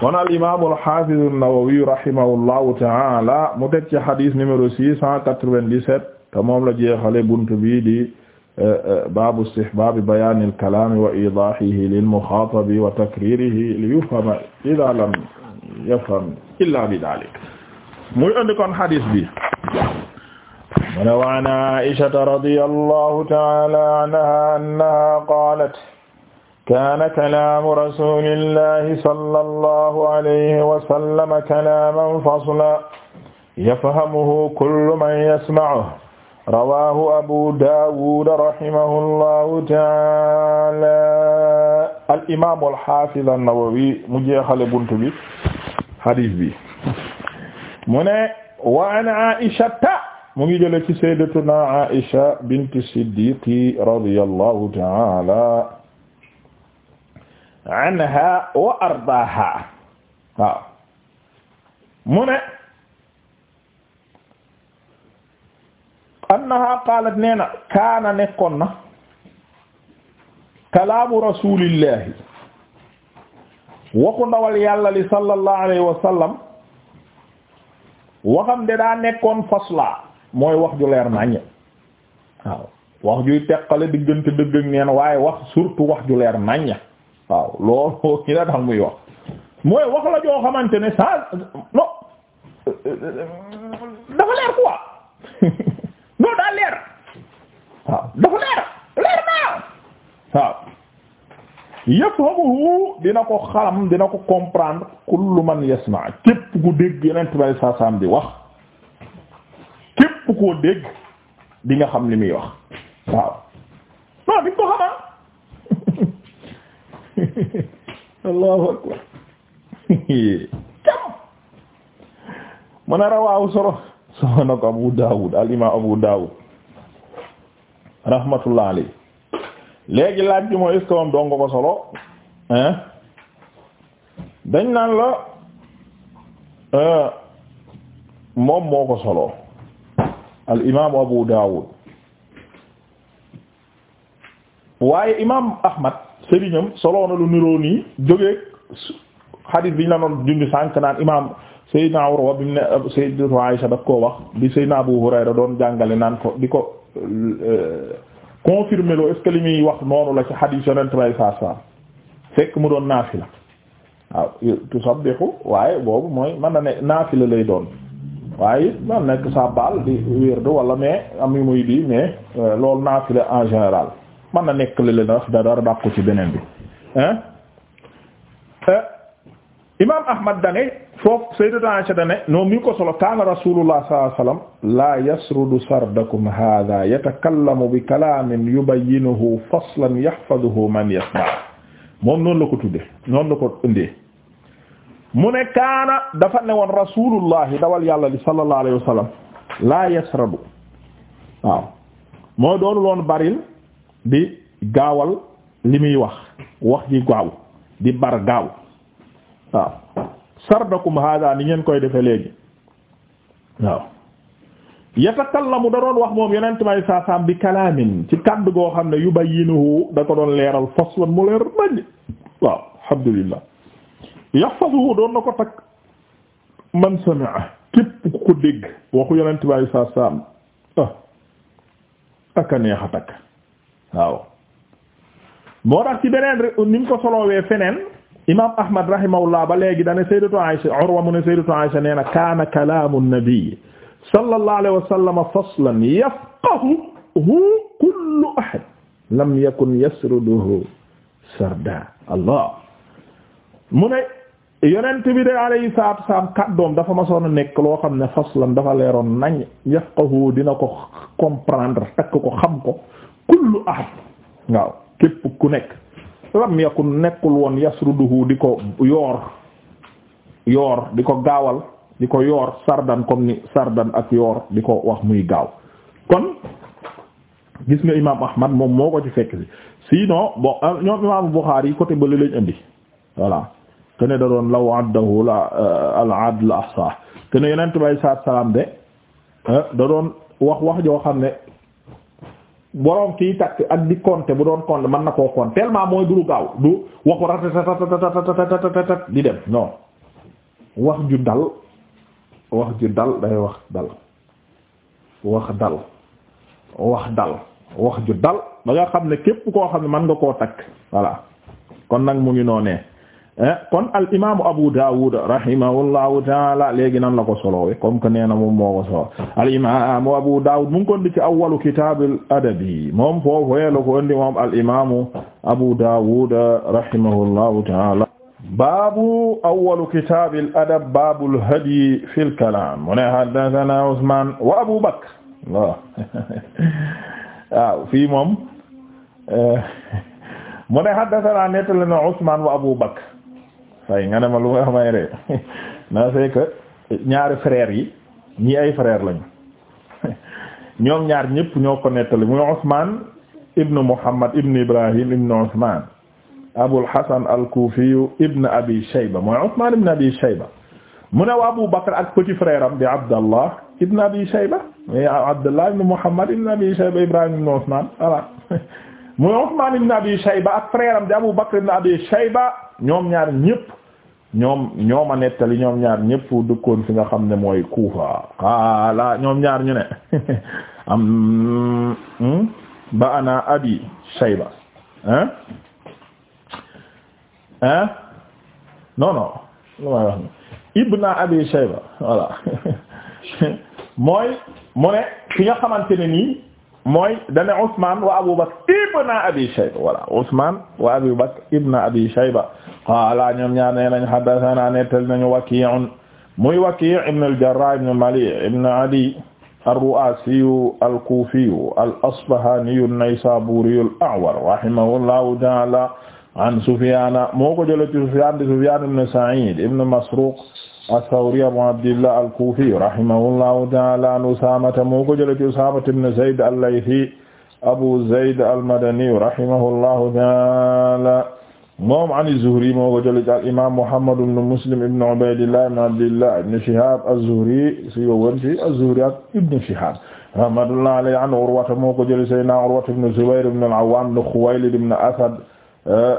kon al imam al hafiz an-Nawawi rahimahullahu ta'ala mu teg ci hadith numéro 697 te moom la jeexale buntu bi di eh, eh, baabu istihbaabi bayaanil kalaami wa iidaahihi lil muxaatabi wa takririhi li yufhama idaa lam yafham illaa bi daalik muy andi kon hadith bi mu ne wa an Aisha radiyallahu ta'ala anha annaha qaalat kaana kalaamu rasuulillahi sallallahu alayhi wa sallam kalaaman faslan yafhamuhu kullu man yasma'uhu rawaahu abu daawud rahimahullahu ta'aala al imaamu al haafiz an-nawawi mu jeexale buntu bi hadiis bi mu ne wa an aa'ishata mu ngi jële ci sayyidatuna aa'isha bintu siddiiq radiyallahu ta'aala anha wa ardaaha waaw mu ne annaha qaalat nee na kaana nekkoon na kalaamu rasulillahi waxu ndawal yàlla li sallallahu alayhi wa sallam waxam de daa nekkoon fasla mooy wax ju leer naññ waaw wax juy teqale diggante dëgg neen waaye wax surtout wax ju leer naññ waaw loolu ki na tax muy wax mooy wax la joo xamante ne ça non dafa leer quoi non daa leer waaw dafa leer leer naa waaw yafhamuhu dina ko xalam dina ko comprendre kullu man yasma képp ku dégg yeneen tubay saa saam wax képp koo dégg di nga xam li muy wax waaw non di ko allahu akbar cam mu ne rawaawu solo solo na ko abu daawud al imaam abu daawud rahmatullah alayhi léegi laaj bi mooy est-ce que moom ko solo hein dañ naan la euh, moom moo ko solo al imaam abu daawud waaye imaam ahmad sëriñam soloona lu niroo nii jógee xadiis bi ñu la doon sànq naan imaam Seydina Urwa bi mu ne euh, Sayyidatu Aisha daf koo wax bi Seydina Abu Hurayra doon jàngale naan ko di ko euh, confirmer loo est li muy wax noonu la ci xadiis Yonent bay saa saa fekk waaye boobu mooy mën na ne naafila lay doon waaye it man nekk sa baal di wér wala mais am yu muy di mais euh, loolu naafila en général. mën na nekk la leen wax da dara dàq ci beneen bi hein euh, imaam ahmad dane foofu sayyidatu Aisha dane noonu mi ko solo kaana rasulullah la yasrudu sardakum hadha yatakallamu bi kalamin yubayyinuhu faslan yahfazuhu man yasma moom noonu la ko tudde noonu la ko indee ne kaana dafa ne woon rasulullahi dawal yàlla li sallallahu alayhi wasallam la yasradu di gaawal li muy wax wax ji gaaw di bar gaaw waaw sardakum hada ni ngeen koy defe léegi waaw mu da doon wax moom yenent may saasaam bi kalaamin ci kàdd goo xam ne yubayyinuhu da ko doon leeral faslan mu leer nañ waaw alhamdulillah yahfazuhu doon na ko takk man sami'a képp ku ko dégg waxu yenent saasaam ah aka neex a takk waaw moo tax beneen ni mu ko soloowee feneen imam ahmad rahimahullah ba léegi dane sayyidatu Aisha Urwa mu nee na kaana kalaamu nabi sallallahu alayhi wa sallam faslan yafqahuhu kullu ahad lam yakun yasruduhu sarda allah mu ne yonent bi de alayhi salaatu wasalaam kàddoom dafa ma a nekk loo xam ne faslan dafa leeroon nañ yafqahu dina ko comprendre takk ko xam ko kullu ahad waaw képp ku nekk lam yakun nekkul woon yasruduhu di ko yoor yoor di ko gaawal di ko yoor sardan comme ni sardan ak yoor di ko wax muy gaaw kon gis nga imaam ahmad moom moo ko ci fekk si sinon bon ah, ñoom imaam Bukhari côté bële lañ indi voilà te ne da doon law addahu la eh, al adl ahsa te ne yonent bay saat salaam de eh, da doon wax wax joo xam ne boroom kii takk ak di compter bu doon compter mën na koo compter tellement mooy du gaaw du waxu ratatatatatatatatatat di dem non wax ju dal wax ju dal day wax dal wax dal wax dal wax ju dal ba nga xam ne képp koo xam ne mën nga koo takk voilà kon nag mu ngi noonee Eh, kon al imaamu Abu Dawud rahimahullahu taala léegi nan la ko soloowe comme que nee na moom moo ko solo al imaamu Abu Dawud mu ngi ko indi ci awwalu kitaabul adabi moom foofee la ko indi moom al imaamu Abu Dawud rahimahullahu taala baabu awwalu kitaabil adab baabul hadyi fil kalaam mu ne haddasanaa Usmaan wa Abu Bakr waaw fii moom eh, mu ne haddasanaa nettali na Usmaan wa Abu Bakr waaye nga ne ma lu nga may ree na c'est que ñaari frères yi ñi ay frères lañu ñoom ñaar ñëpp ñoo ko nettali muy Ousmane ibn Muhammad ibn Ibrahim ibn Ousmane Abul Hasan al-Kufi ibn Abi Shayba mooy Ousmane ibn Abi Shayba mu ne wa Abu Bakr ak petit frère am di Abdallah ibn Abi Shayba mais Abdallah mooy Usmaan ibn Abi Shayba ak frère di Abu Bakr ibn Abi Shayba ñoom ñaar ñëpp ñoom ñoom a nettali ñoom ñaar ñëpp dëkkoon fi nga xam ne mooy Kuufa qaala ñoom ñaar ñu ne am hmm, ba ana Abi Shayba hein hein non non ibna Abi Shayba voilà mooy mu ne fi nga xamante ne nii mooy dane Usman wa Abu Bakr ibn Abi Shayba voilà Usman wa Abu Bakr ibn Abi Shayba qaala ñoom ñaar nee nañ haddathana nettal nañu Waki'un muy Waki' ibn al-Jarrah ibn Mali' ibn Adi ar-Ru'asi al-Kufi al-Asbahani an-Naysaburi al-A'war rahimahullahu ta'ala an Sufyan moo ko jëlee ci Sufyan di Sufyan ibn Sa'id ibn Masruq as-Sawri Abu Abdillah al-Kufi rahimahullahu ta'ala an Usaamata moo ko jëlee ci Usaamata ibn Zayd al-Laythi Abu Zayd al-Madani rahimahullahu ta'ala moom an az-Zuhri moo ko jëlee ci al-imaam Muhammad ibn Muslim ibn Ubaydillah ibn Abdillah ibn Shihab az-Zuhri si woon ci az-Zuhri ak ibn Shihab rahmatullahi alayhi an Urwata moo ko jëlee Sayyidina Urwata ibn Zubayr ibn al-Awwam ibn Khuwaylid ibn Asad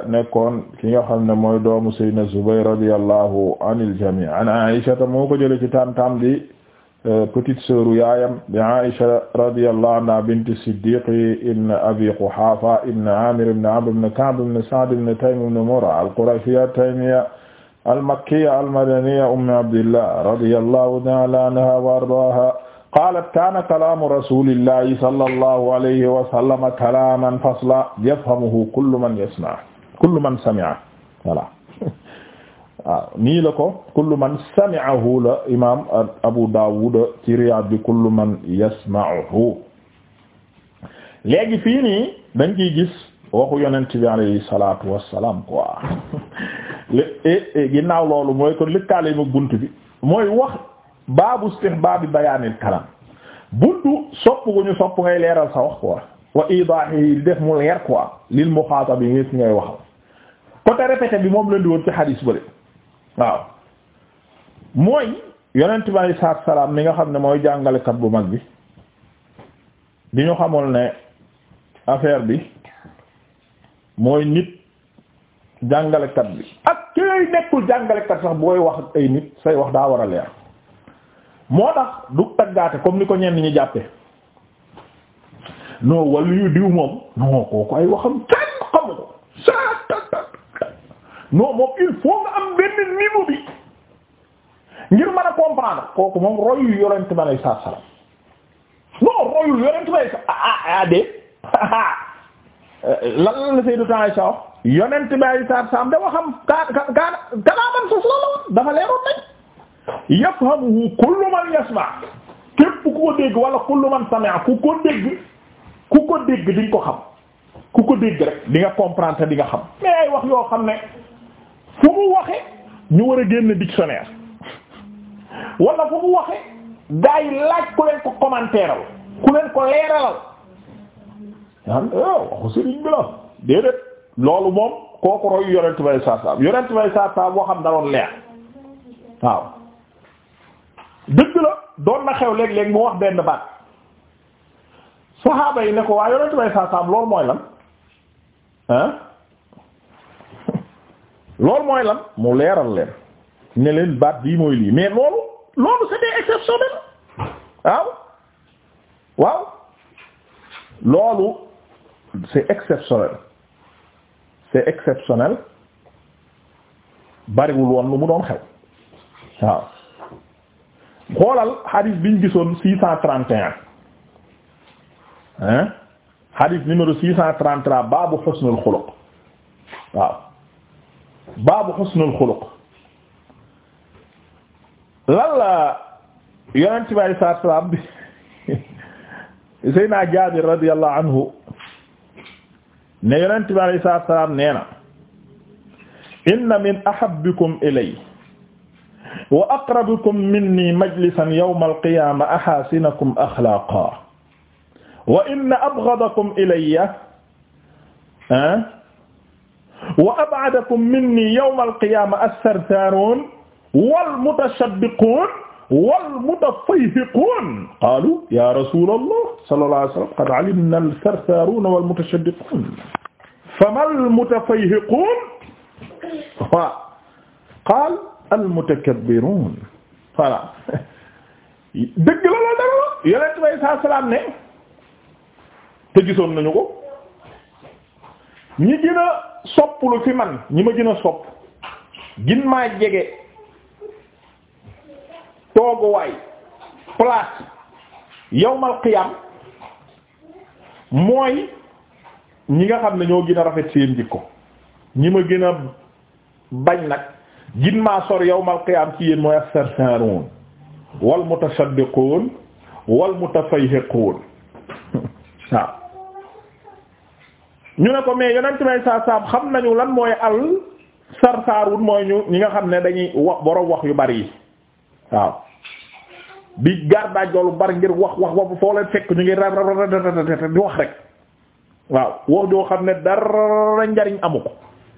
nekkoon ki nga xam ne mooy doomu Seydina Zubayr radiyallahu anil jami an Aisha moo ko jëlee ci tantam di euh, petite sœur yaayam di Aisha radiyallahu anha bint Siddiq ibn Abi Quhafa ibn Amir ibn Amr ibn Ka'b ibn Sa'd ibn Taym ibn Murra al-Qurashiyya at-Taymiyya al-Makkiyya al-Madaniyya Umm Abdillah radiyallahu ta'ala anha wa ardaaha qaalat kaana kalaamu rasulillahi sallallahu alayhi wa sallam kalaaman fasla yafhamuhu kullu man yasma kullu man sami'a voilà waaw ah, nii la ko kullu man sami'ahu la imaam Abu Dawud ci Riyaad bi kullu man yasma'uhu léegi fii nii dañ ciy gis waxu yonent bi alayhi salaatu wassalaam quoi eh, eh, ginnaaw loolu mooy ko lëkkaale ma bunt bi mooy wax. baabu istihbaabi bayaanil kalam buntu sopp gu ñu sopp ngay leeral sa wax quoi wa idaahihi di def mu leer quoi lil muxaatab yi ngi ngay waxal côté répété bi moom la di woon ci xadiis bële waaw mooy yonent bi alayhi salaam mi nga xam ne mooy jàngalekat bu mag bi di ñu xamul ne affaire bi mooy nit jàngalekat bi ak ki nekkul jàngalekat sax booy wax ay nit say wax daa war a leer moo tax du taggaate comme ni ko ñenn ñi jàppe non wàllu yu diw moom non kooku ay waxam kenn xamu ko sa moom il faut nga am benn niveau bi ngir mën a comprendre kooku moom royu yorent ma lay sa salam sa la Seydou Taha yonent bi ay saar saam da waxam kaa kaa kaa kaa kaa man sos la nañ yafhamuhu kullu man yasma képp ku ko dégg wala kullu man sami'a ku ko dégg ku ko dégg di ko xam ku ko dégg rek di nga comprendre xam mais ay wax yoo xam ne fu mu waxe ñu war a génn dictionnaire wala fu mu waxe gaa laaj ku leen ko commentéral ku leen ko leeralal yaan oh, waxu sëriñ bi la déedéet loolu moom kooku royu yonent bay saab saab yonent bay saab saab boo xam da doon leer waaw dëgg la doon na xew léeg-léeg mu wax benn baat saxaaba yi ne ko waa yonent bay saasaam loolu mooy lan ah loolu mooy lan mu leeral leen ne baat bii mooy lii mais loolu loolu c'était exceptionnel waaw waaw loolu c'est exceptionnel bariwul woon lu mu doon xew waaw xoolal hadith biñ gisoon six cent trente et un hein hadith numéro six cent trente-trois baabu xusnul xuluq waaw baabu xusnul xuluq lan la yonent bi alayhi salaatu salaam bi Seydina Jaabir radiyallahu anhu ne yonent bi alayhi salaatu salaam nee na inna min ahabbikum ilay wa aqrabukum minni majlisan yawma alqiyaama ahaasinakum axlaaqa wa inna abghadakum ilayya ah, wa ab'adakum minni yawma alqiyaama as-sarsaarun wal mutashabbiquun wal mutafayhiquun qaalu yaa rasuulallah sallallahu alayhi wa sallam qad alimna as-sarsaaruuna wal mutashabbiquun famal mutafayhiquun waaw qaal almutakabbiruun voilà dëgg la loolu dara la yonent bay saa salaam ne te nañu ko ñi gën a sopp lu fi man ñi ma gën a sopp gin maa jege tooguwaay place yawmal qiyaam mooy ñi nga xam ne ñoo gën a rafet seen jikko ñi ma gën a bañ nag gin maa sor yawmal qiyaam ci yéen mooy as-sarsaaruun wal mutashaddiquun wal mutafayhiquun waaw ñu ne ko mais yonent may saa saam xam nañu lan mooy al sarsaarun mooy ñu ñi nga xam ne dañuy wax borom wax yu bari yi waaw bi gardaaj loolu bari ngir wax wax wax foo leen fekk ñu ngi rab rab rab di wax rek waaw wax joo xam ne dara njariñ amu ko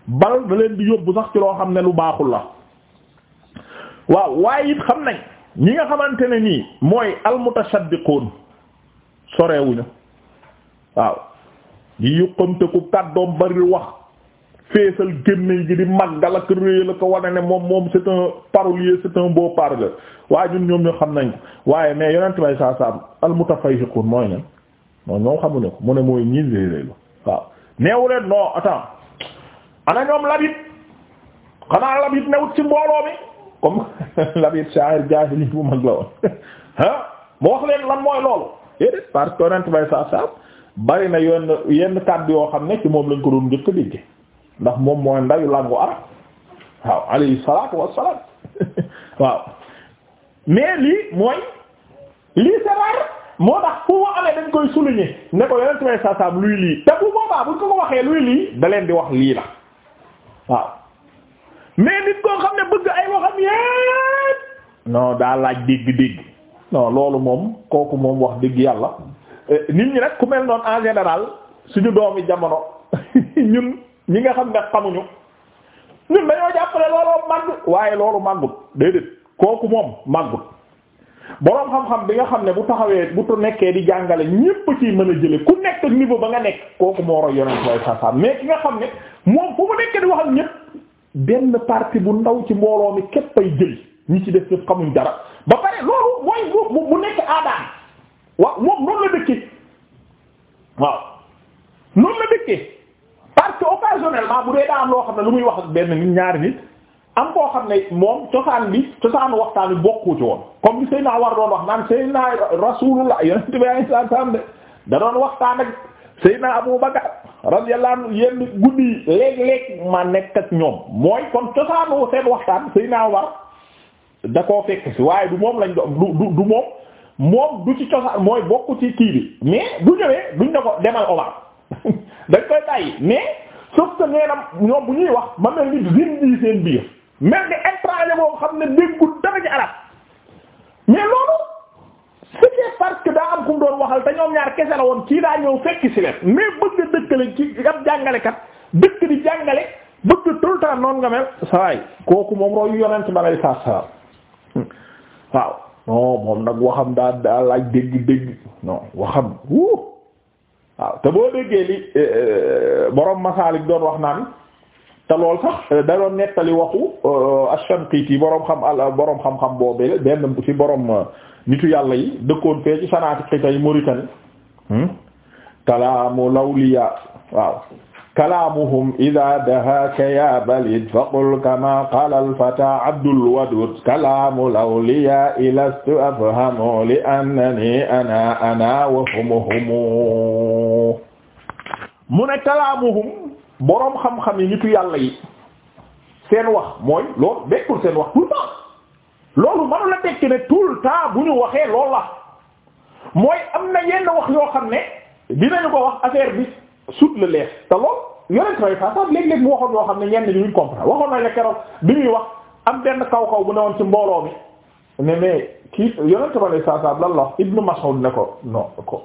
bal da leen di yóbbu sax ci loo xam ne lu baaxul la waaw waaye it xam nañ ñi nga xamante ne nii mooy almutashaddiqoon sorewuñu waaw yi yuqamte ku kàddoom bari wax feesal gémmiñ gi di màggal ak réyal ak wane ne moom moom c'est un parolier c'est un beau waaye ñun ñoom ñu xam nañ ko waaye mais yonent may saa saam almutafayhiqoon mooy ne moom ñoom ko mu ne mooy ñii léeg-léeg waaw neewu leen non attends ana ñoom labit xanaa labit newut ci mbooloo mi comme labit sha'ir jaahili bu mag la woon ah mu wax leen lan mooy loolu déedéet parce que yonent bay sa sa na yenn yenn kàddu yoo xam ne moom lañ ko doon njëkk dégge ndax moom mooy ndayu langu arab waaw alayhi salaatu wassalaam waaw mais lii mooy lii c'est rare moo tax fu ma amee ko yonent bay waxee luy lii da di wax lii la waaw mais nit koo xam ne bëgg ay waxam yépp non daa laaj dégg-dégg loolu moom kooku moom wax dëgg yàlla eh, nit ñi rek ku mel noonu en général suñu doomi jamono ñun ñi nga xam ne xamuñu ñun dañoo jàppale looloo màggut waaye loolu màggut déedéet kooku moom màggut boroom xam-xam bi nga xam ne bu taxawee bu nekkee di jàngale ñépp ci mën a jële ku nekk niveau ba nga nekk kooku moo roy yonent way sasam mais ki nga xam ne moom fu mu nekkee benn partie bu ndaw ci mbooloo képp ay jëli ñi ci def ñépp xamuñ dara ba pare loolu mooy bu bu nekk la dëkkee waaw noonu la dëkkee parce que occasionnellement bu dee daa loo xam ne lu muy wax ak benn nit ñaari nit am koo xam ne moom cosaan bi cosaanu waxtaan bi bokku ci woon comme li Seydina Umar doon wax naan Seydina Rasulullah yonent bi sallallahu alayhi wasallam de da doon waxtaan ak Seydina Abu Bakar radiyallahu anhu yenn guddi léeg-léeg ma nekk ak ñoom mooy kon cosaanu seen waxtaan Seydina Umar da koo fekk si waaye du moom lañ doon du du moom moom du ci cosaan mooy bokkut ci kii bi mais du ñëwee duñ ne ko demal Umar dañ koy tàyyi mais sauf que ñoom bu ñuy wax ma mel ni bi seen biir. mel ni étranger boo xam ne déggul dara ci arab mais loolu c'est parce que daa am ku doon waxal te ñoom ñaar kese la woon kii daa ñëw fekk ci leen mais bëgg a dëkkale ci ab jàngalekat dëkk di jàngale bëgg tout le temps nga mel sawaay kooku moom royu yonent ba lay saa salaam waaw non moom nag waxam daa daa laaj dégg dégg non waxam wu waaw te boo déggee li eh, eh, borom masaalik doon wax naan te lool sax euh, da doon nettali waxu euh, Ash-Shanqiti boroom xam euh, xam-xam boobee benn ci nitu yàlla yi dëkkoon fee ci sanaati xita yi Mauritanie hmm? kalaamu lawliya waaw ida dahaka ya balid faqul kama qala alfata abdul wadud kalaamu lawliya ilastu afhamu li ana ana wa humuhumu mu ne kalaamuhum boroom xam-xam yi nitu yàlla yi seen wax mooy loolu nekkul seen wax tout le temps loolu mënu la tekki ne tout le bu ñu waxee loolu la mooy am na yenn wax yoo xam ne dinañu ko wax affaire bi sut le lees te loolu yonent way sa sax léeg-léeg mu waxoon yoo xam ne ñenn ñi duñ comprendre waxoon nañ la keroog bi muy wax am benn kaw kaw bu newoon ci mbooloo mi ne mais kii yonent way sa sax lan la wax Ibnu Mas'ud ne ko non ko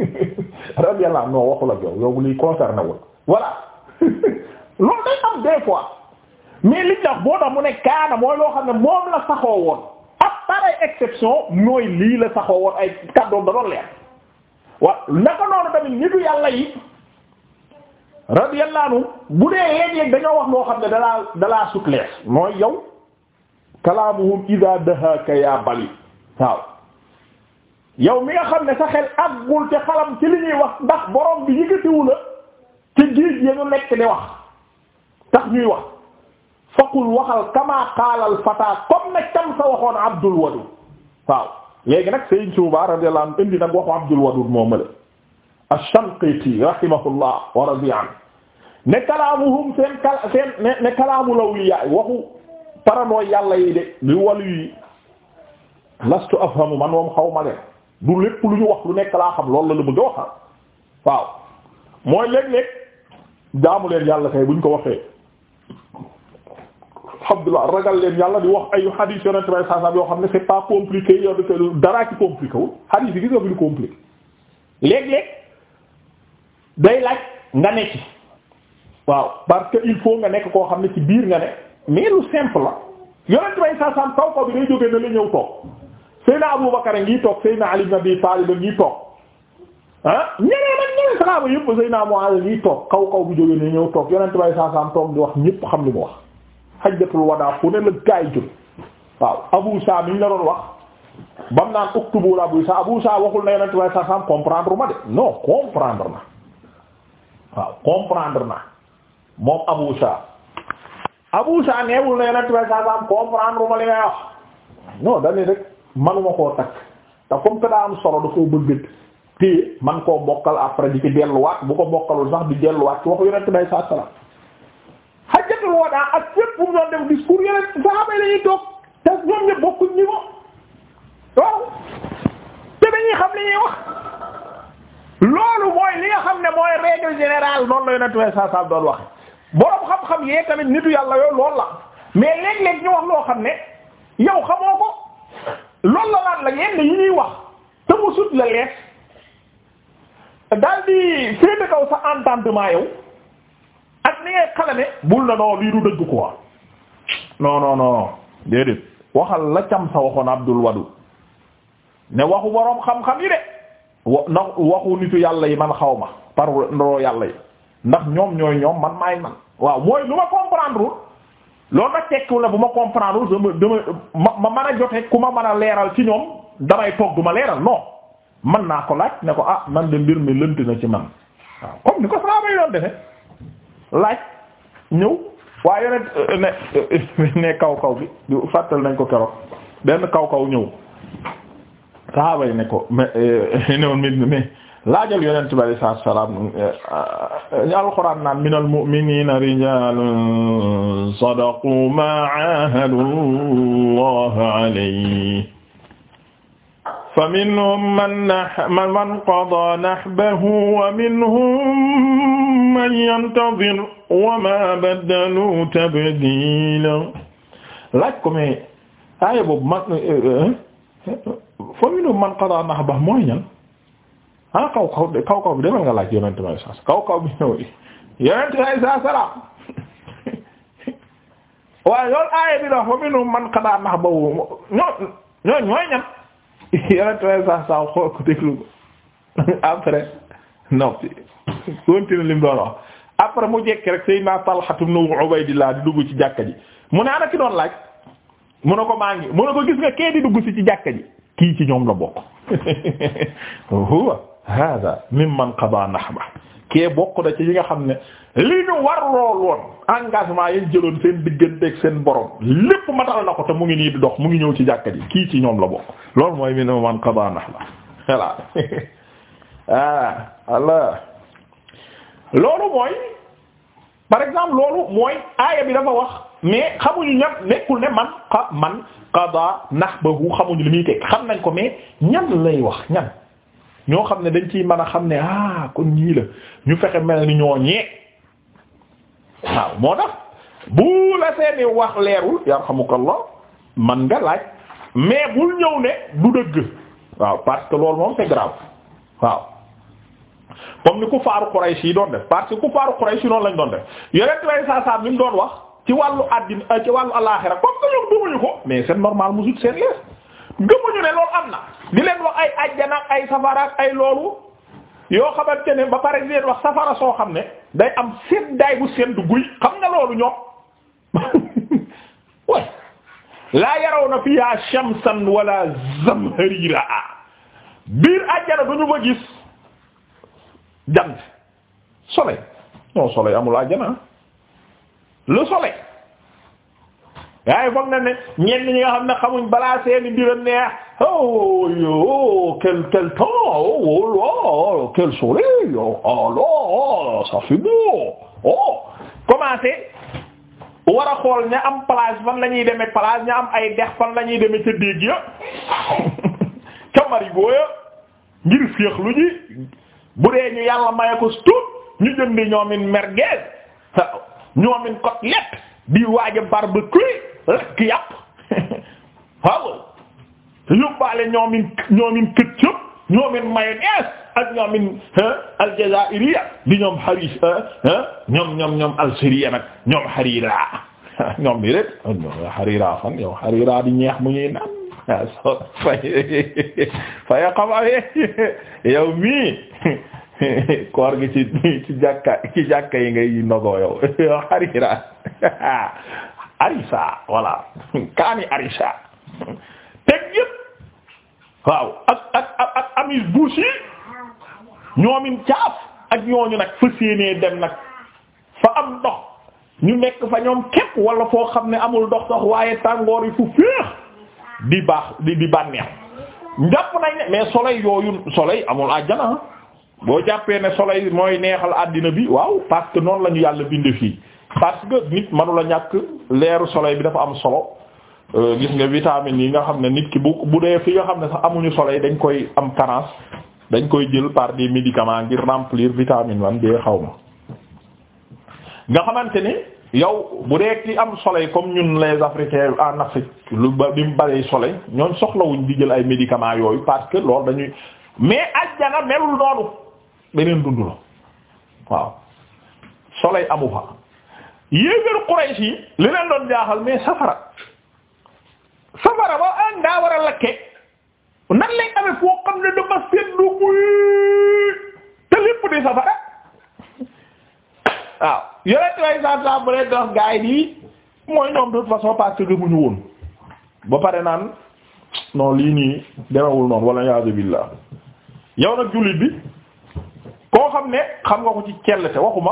radiyallahu non waxul ak yow yow liy concerné loolu day am des fois mais liñ dax boo tax mu ne kaana mooy loo xam ne moom la saxoo woon ab pareille exception mooy lii la saxoo woon ay kàddoom da doon leer waaw naka noonu tamit nitu bu dee léeg-léeg dañoo wax loo xam ne dalaa dalaa sutlees mooy yow kalaamuhum ida dahaka ya bali waaw yow mi nga xam ne sa xel aggul te xalam ci li ñuy wax ndax borom bi yëkkatiwu la te géej ya nekk di wax tax ñuy wax faqul waxal kamaa qaala al fataa comme nag sa waxoon Abdul Wadud waaw léegi nag Sëriñ Tuubaa radiyallahu anhu indi nag waxu Abdul Wadud moo mële ash-Shanqiti rahimahullah wa radiya anhu ne kalaamuhum seen kala seen ne ne kalaamu lawliyaa waxu paranooy yàlla yi de li walu yi lastu afhamu man moom xaw ma leen du lépp lu ñu wax lu nekk laa xam loolu la la bëgg a waxal waaw mooy léeg-léeg jaamu leen yàlla kay ñu ko waxee alhamdulillah ragal leen yàlla di wax ay hadith yonent bay saasam yoo xam ne c'est pas compliqué yow dek daraa ci compliqué wul hadith yi gis nga fi lu compliqué léeg-léeg day laaj nga nekk waaw parce que il faut nga nekk koo xam ne ci biir nga ne mais lu simple la yonent bay saasam taw ko bi day jógee na la ñëw toog Seydina Abou Bakar ngi toog Seydina Ali ibn Abi Talib ngi toog ah ñeneen ak ñeneen saxaaba yëpp Seydina Muaaz yi toog kaw kaw bu jógee ne ñëw toog yonent bay saasaam toog di wax ñëpp xam li mu wax hajjatul wadaa fu ne la gaay jël Abu Sa mi ñu la wax bam naan uktubu la Abu Sa waxul na yonent bay saasaam comprendre ma de non comprendre na waaw comprendre na moom Abu Sa Abu Sa neewul na yonent bay saasaam comprendre ma li ngay wax non dañu rek manuma koo takk te comme que daa am solo da koo bëgg téye man koo bokkal après di ci delluwaat bu ko bokkalul sax di delluwaat ci waxu yonent bay saa salaam hajjatul wadaa ak fépp bu mu doon def discours yonent saxaaba yi lañuy toog te ñoom ñëpp bokkuñ ñi ko waaw xam li ñuy wax loolu mooy li nga xam ne mooy règle générale noonu la yonent bay saa doon waxe boroom xam-xam yee tamit nitu yàlla yooyu loolu la mais léeg-léeg ñu wax loo xam ne yow xamoo ko loolu la laat la yenn yi ñuy wax te mu sut la lees daal di féete kaw sa entendement yow ak ni ngay xalame bul na non lii du dëgg quoi non non non déedéet waxal la cam sa waxoon Abdul Wadu ne waxu boroom xam-xam yi de wa na waxu nitu yàlla yi man xaw ma par ndoroo yàlla yi ndax ñoom ñooy ñoom man maay man waaw mooy lu ma comprendre loolu nag tekkiwul bu ma comprendre dama dama ma man a jote ku ma mën a leeral ci ñoom damay toog du ma leeral non. man naa ko laaj ne ko ah man de mbir mi lënt ci man waaw comme ni ko saxaaba yi doon laaj ñëw waaye euh, euh, ne kaw kaw bi du nañ ko keroog benn kaw kaw ñëw saxaaba ne ko mais euh, néew laajal yonent bi alayhi salaatu salaam alxuraan naan minal mu'miniina rijaalun sadaqu maa aahadu Allaha alayhi fa minhum man man qadaa nahbahu wa minhum man yantadir wa ma baddalu tabdiila laaj ko mais aaya boobu man fa minhum man qadaa nahbahu mooy ñan ah kaw kaw kaw kaw bi demal nga laaj yonent may saas kaw kaw bi ñëw yonent may saas salaam waaye yoon aaya bi dafa fa minhum man qadaa nahbahu ñoo ñooy ñan yonent way sax sax xool ko déglu ko après noppi continue li wax après mu jekki rek Seydina Talha ibn Ubaydillah di dugg ci jàkka ji mu ne ana ki doon mu ne ko maa mu ne ko gis nga kee di dugg ci jàkka ji kii ci ñoom la bokk huwa hada mimman qada nahba kee bokk na ci yi nga xam ne li ñu warlool woon engagement yañ jëloon seen digganteeg seen borom lépp matal na ko te mu ngi nii di dox mu ngi ñëw ci jàkka ji kii ci ñoom la bokk loolu mooy mi ne man xadaa nax la voilà ah ala par exemple loolu mooy aaya bi dafa wax mais xamuñu ñam nekkul ne man xa man qada nahbahu xamuñu li muy teg xam nañ ko mais ñan lay wax ñan ñoo xam ne dañ ciy man a xam ne ah kon ñii la ñu fexe mel ni ñoo ñee waaw moo tax bu la seeni wax leerul yarhamukallah man nga laaj mais bul ñëw ne du dëgg waaw parce que loolu moom c'est grave waaw comme ni ku faaru Quraysh yi doon def parce que ku faaru Quraysh yi noonu lañ doon def yonent way saasaam li mu doon wax ci wàllu àddina ci wàllu alaaxira comme que ñoom gëmuñu ko mais c'est normal mu sut seen lees gëmuñu ne loolu am na di leen wax ay ajjana ay safara ay loolu yoo xamante ne ba pare leen wax safara soo xam ne day am seddaay bu seddu guy xam nga loolu ñoom way laa yarawna fiha shamsan wala zamharira biir àjjana duñu ba gis jant soleil non soleil amul àjjana le soleil waaye foog na ne ñenn ñi nga xam ne xamuñ balaa seeni mbir a neex oh yo quel quel temps oh là oh, quel soleil oh là oh, oh, ça fait beau oh commencé war a xool ña am plage fan la ñuy demee plage ña am ay dex fan la ñuy demee ca déeg ya ca marigot ya ngir féexlu ji bu dee ñu yàlla maye ko tout ñu jëndi ñoomin merguez ñoomin côtelette di waaja barbecue lekk yàpp waaw yóbbaale ñoomin ñoomin ketchup ñoomin mayonnaise ak ñoomin aljazairiya di ñoom haris ñoom ñoom ñoom algérie nag ñoom harira ñoom bi rek harira fan yow harira di ñeex mu ñuy naan waaw so fay faya xam awee yow mi koor gi ci ci jàkka ci jàkka yi ngay nogoo yow yow xarira arisa voilà kaani arisa teg yëpp waaw ak ak ak amis bouche yi caaf ak ñooñu nag fa séenee dem nag fa am ndox ñu nekk fa ñoom képp wala foo xam ne amul ndox sax waaye tàngoor yi fu féex di baax di bànneex njàpp nañ ne mais soleil yooyu soleil amul àjjana ah. boo jàppee ne soleil mooy neexal àddina bi waaw parce que noonu lañu yàlla binde fii parce que nit mënu ñàkk leeru soleil bi dafa am solo euh, gis nga vitamines yi nga xam ne nit ki bu bu dee fi nga xam ne sax amuñu soleil dañ koy am carence dañ koy jël par des médicament ngir remplir vitamine wan dee xaw ma nga xamante ni yow bu dee ki am soleil comme ñun les africains en Afrique lu ba bi mu bëree soleil ñooñ soxlawuñ di jël ay médicaments yooyu parce que dañuy mais beneen dund la waaw soleil amu fa yéegal Quraysh yi li leen doon jaaxal mais safara safara ba an daa war a lakke nan lay amee foo xam ne dafa seddu muy te lépp di safara waaw yore lay sa sa bu leen dox gaay yi mooy ñoom de toute façon parce que gëmuñu woon ba pare naan non lii nii demewul noonu walla yaazu billah yow nag jullit bi koo xam ne xam nga ko ci cellte waxuma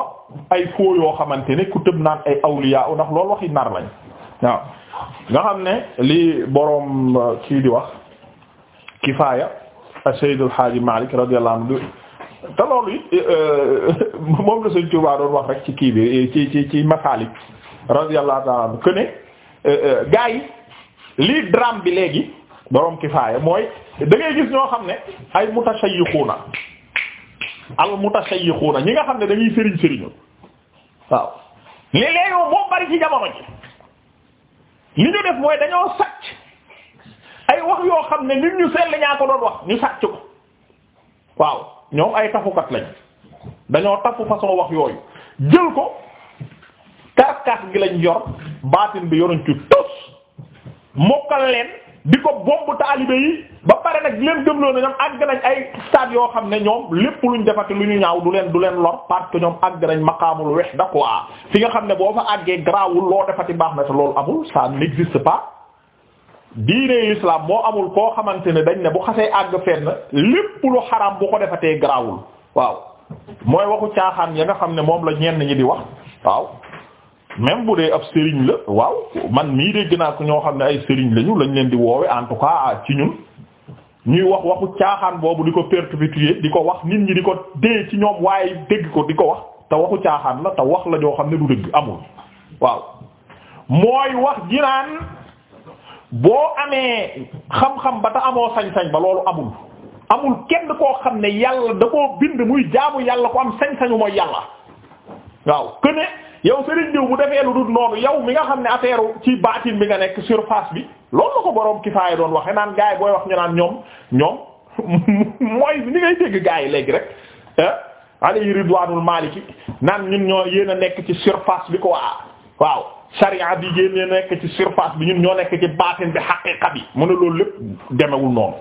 ay foo yoo xamante ni ku tëb naan ay awliya ndax loolu waxi nar lañ waaw nga xam ne li boroom uh, kii di wax kifaaya Seydou El Hadji Malick radiyallahu anhu te loolu it uh, uh, moom la Sëriñ Tuubaa doon wax rek ci kii bi ci ci ci Masaalik radiyallahu ta'ala anhu que ne lii drame bi léegi boroom kifaaya mooy da gis ñoo xam ne ay mutashayyikhuna al mutashayyikhuna ñi nga xam ne dañuy sëriñ sëriñu waaw léeg-léeg yow boo bari ci jamono ji li ñu def mooy dañoo sàcc ay wax yoo xam ne nit ñu sell ñaa ko doon wax ñu sàcc ko waaw ñoom ay tafukat lañ dañoo tafu façon wax yooyu jël ko kaas kaas gi lañ yor baatin bi yoruñ ci tos mokkal leen. di ko bomb taalibe yi ba pare nag leen gëmloo ne ñoom àgg nañ ay stade yoo xam ne ñoom lépp luñ defati lu ñu ñaaw du leen du leen lor parce que ñoom àgg nañ maqaamul wahda quoi fi nga xam ne boo fa àggee garaawul loo defati baax na te loolu amul ça n'existe pas diine islam moo amul koo xamante ne dañ ne bu xasee àgg fenn lépp lu xaram bu ko defatee garaawul waaw mooy waxu caaxaan ya nga xam ne moom la ñenn ñi di wax waaw même bu dee ab sëriñ la waaw man mii dégg naa ko ñoo xam ne ay sëriñ lañu lañ leen di woowe en tout cas ah, ci ñun ñuy wax waxu caaxaan boobu di ko perpétuer di ko wax nit ñi di ko dee ci ñoom waaye dégg ko di ko wax te waxu caaxaan la te wax la joo xam ne du dëgg amul waaw mooy wax jinaan boo amee xam-xam ba te amoo sañ-sañ ba loolu amul amul kenn koo xam ne yàlla da koo bind muy jaamu yàlla ko am sañ-sañu mooy yàlla waaw këne yow sëriñ diw bu defee lu dul noonu yow mi nga xam ne affaire ci baatin bi nga nekk surface bi loolu la ko boroom kifaaya doon waxe naan gaay booy wax ñu naan ñoom ñoom mooy ni ngay dégg gaay yi léegi rek alayhi ridwaanul maaliki naan ñun ñoo yéen a nekk ci surface bi ko quoi waaw sariya bi yéen a nekk ci surface bi ñun ñoo nekk ci baatin bi xaqiiqa bi mu ne loolu lépp demewul noonu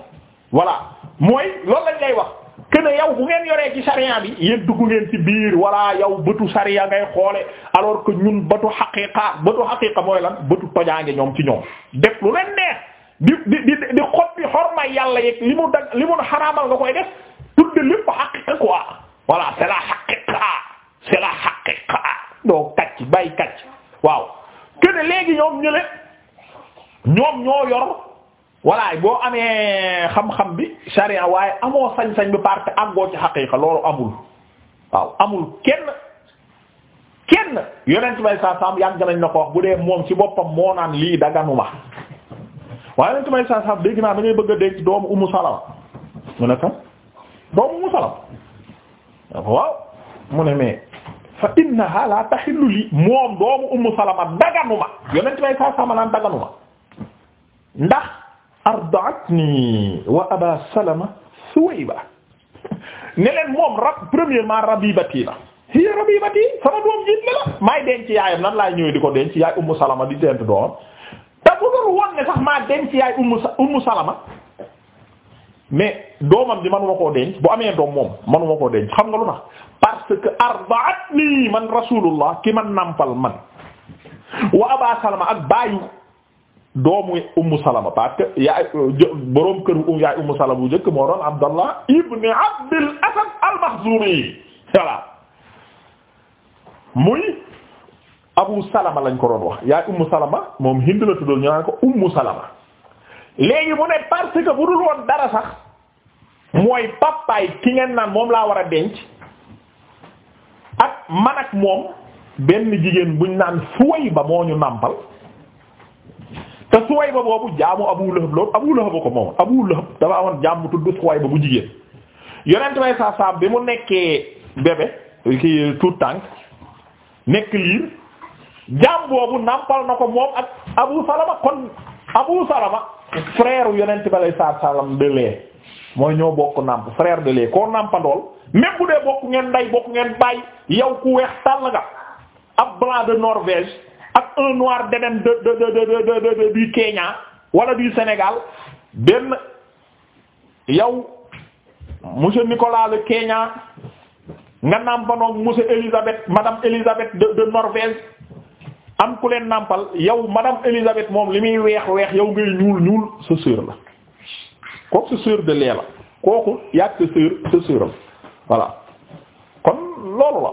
voilà mooy loolu lañ lay wax. que ne yow bu ngeen yoree ci sariya bi yéen dugg ngeen ci biir walla yow bëtu sariya ngay xoole alors que ñun bëtu xaqiqa bëtu xaqiqa mooy lan bëtu tojaange ñoom ci ñoom def lu leen neex di di di di xob bi yàlla yeeg li mu dag li mu xaraamal nga koy def tudde lépp xaqiqa quoi voilà c'est la xaqiqa c'est la xaqiqa kacc bay kacc waaw que ne léegi ñoom ñële ñoom ñoo yor voilà boo amee xam-xam bi sharia waaye amoo sañ-sañ bi parce que àggoo ci xaqiiqa loolu amul waaw amul kenn kenn yonent may saa yàgg nañ na ko wax bu dee moom ci boppam moo naan lii daganuma waaye yonent may saa dégg naa da bëgg a denc doomu Umu Salama mu ne kan doomu Umu Salama waaw mu ne mais fa innaha la tahillu lii moom doomu Umu Salama daganuma yonent may saa naan daganuma ndax ardaatni wa aba salama suwayba ne leen moom rab premièrement rabibati la hiya rabibati sama doom jiit la la maay denc yaayam nan laay ñëwee di ko denc yaay ummu salama di tent doom te bu dul woon ne sax maa denc yaay ummu ummu salama mais doomam di manuma koo denc bu amee doom moom manuma koo denc xam nga lu tax parce que ardaatni man rasulullah ki man nampal man wa aba salama ak baayu doomu ummu salama parce que yaay boroom kër um, yaay ummu salama bu njëkk moo doon abdallah ibn abdil asad al-mahzumi voilà muy abu salama lañ ko doon wax yaay ummu salama moom hind la tuddoon ñu naan ko ummu salama léegi mu ne parce bu dul woon dara sax mooy papaay ki ngeen naan moom laa war a denc ak man ak moom benn jigéen buñ naan Suwayba moo ñu nàmpal Suwayba boobu jaamu Abu Lahab loolu Abu Lahab ko moom Abu Lahab dafa amoon jaam bu tudd Suwayba bu jigéen yonent bay saa saa bi mu nekkee bébé ki tout tànk nekk liir jaam boobu nampal na ko moom ak Abu Salama kon Abu Salama frère yonent ba lay saa de lait mooy ñoo bokk namp frère de lait koo nampandool même dee bokk ngeen nday bokk ngeen bàyyi yow ku weex tàll nga ab blanc de Norvège un noir denem de de wala du Sénégal benn yow monsieur Nicolas nga nàmpanoog monsieur Elisabeth madame am ku leen nàmpal yow madame Elisabeth moom li muy weex weex yow ngay ñuul ñuul sa sœur la kooku sa sœur de lait la kooku yàgg sa sœur sa sœur la kon loolu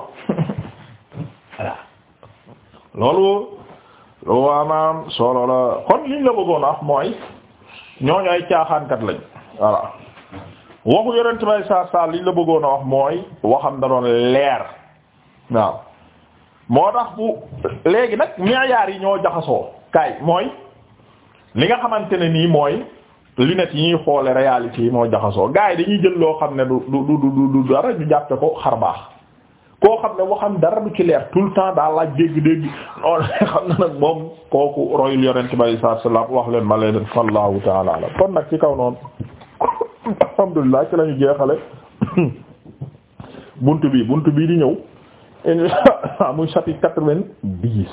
la loolu waamaam solo la kon liñ la bëggoon wax mooy ñooñu ay caaxaankat lañ voilà waxu yonent bay saa saa liñ la bëggoon a wax mooy waxam da doon leer waaw moo tax bu léegi nag miyaar yi ñoo jaxasoo kay mooy li nga xamante ne nii mooy lunettes yi ñuy xoole réalité yi moo jaxasoo gars yi dañuy jël loo xam ne du du du du dara ñu jàppe ko xar baax koo xam ne waxam dara du ci leer tout le temps daa laaj dégg-dégg loolu xam na nag moom kooku royul yonent bi sallallahu alayhi wax leen ma leen wallahu taala alam kon nag ci kaw noonu alhamdulilah ci lañu jeexale buntu bi bunt bii di ñëw muy chapitre quatre-vingt-dix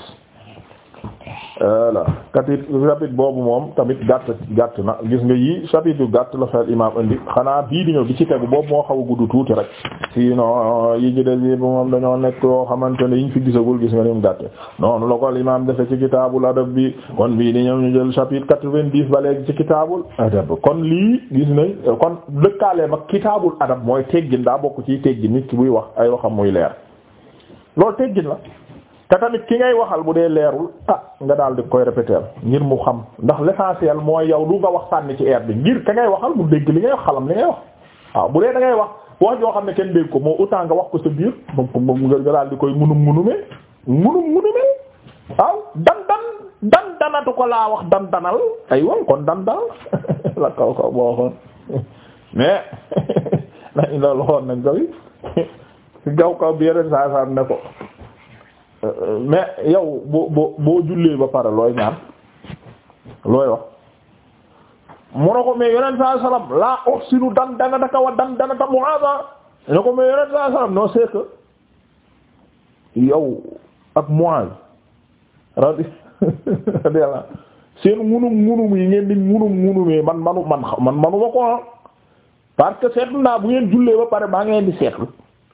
voilà chapitre chapitre boobu moom tamit gàtt gàtt na gis nga yii chapitre gàtt la fayal imaam indi xanaa bii di ñëw bi ci tegu boobu moo xaw a gudd tuuti rek sinon yi ci des yi moom dañoo nekk yoo xamante ne yiñ fi gisagul gis nga ni mu gàtte noonu la ko al imaam defe ci kitaabul adab bi kon bii di ñëw ñu jël chapitre quatre vingt ba léegi ci kitaabul adab kon lii gis nañ kon lëkkaaleem ak kitaabul adab mooy teggin daa bokk ci teggin nit ki muy wax ay waxam muy leer loolu teggin la. te tamit ki ngay waxal bu dee leerul ah nga daal di koy répéter ngir mu xam ndax l'essentiel mooy yow du nga wax sànni ci air bi ngir ka ngay waxal mu dégg li ngay wax xalam li ngay wax waaw bu dee da ngay wax wax joo xam ne kenn dégg ko moo autant nga wax ko sa biir nga daal di koy munum munume munum munume waaw dan dan ko laa wax dan ay won kon dan danal la kaw kaw boo xoon mais nañ loolu xoon nañ koy gaw kaw bi yeneen saa saa ko mais yow boo boo boo jullee ba pare looy ñaan looy wax mu ne ko mais yonent saa salaam laa uhsinu dan dana daka wa dan dana ta muaza ne ko mais yonent saa salaam non c'est que yow ak Muaz radi radiyallahu seen ngunum ngunum yi ngeen di ngunum ngunumee man manu man man manuma ko ah. parce que seetlu naa bu ngeen jullee ba pare baa ngeen di seetlu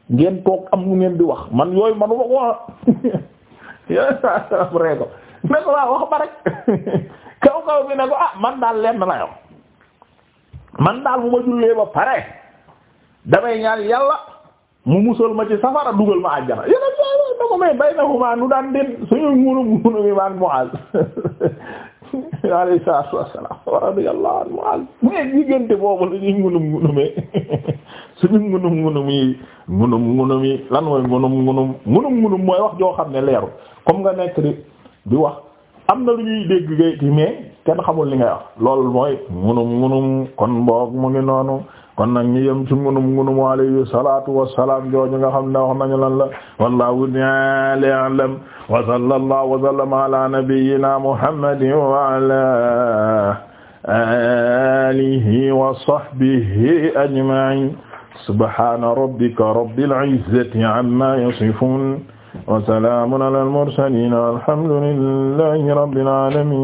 ngeen toog am nu ngeen di wax man yooyu manu ma ko ah yooyu ko ne rek kaw kaw bi ne ko ah man daal lenn la yow man daal bu ma jullee ba pare damay ñaan yàlla mu musal ma ci safara dugal ma àjjana yooyu na ko may bay na ko nu daan den suñu munu munu mi maan mu àll alayhi salaatu wassalaam wa radiyallahu anhu Mu'aaz bu ngeen diggante boobu la mu ngunum ngunumee suñu ngunum ngunum ngunum ngunum yi lan ngunum ngunum ngunum ngunum mooy wax joo xam ne leeru comme nga nekk di di wax am na lu ñuy dégg gay mais kenn xamul li ngay wax loolu mooy ngunum ngunum kon boog mu ngi noonu kon nag ñu yem ci ngunum ngunum alayhi salatu wassalam jooju nga xam ne wax nañu lan la wallahu ta'ala a'lam wa sallallahu wa sallama ala nabiyyina muhammadin wa ala alihi wa sahbihi ajma'in subhana rabbika rabbil izzati amma yasifun wa salamun ala al mursalin alhamdulillahi rabbil alamin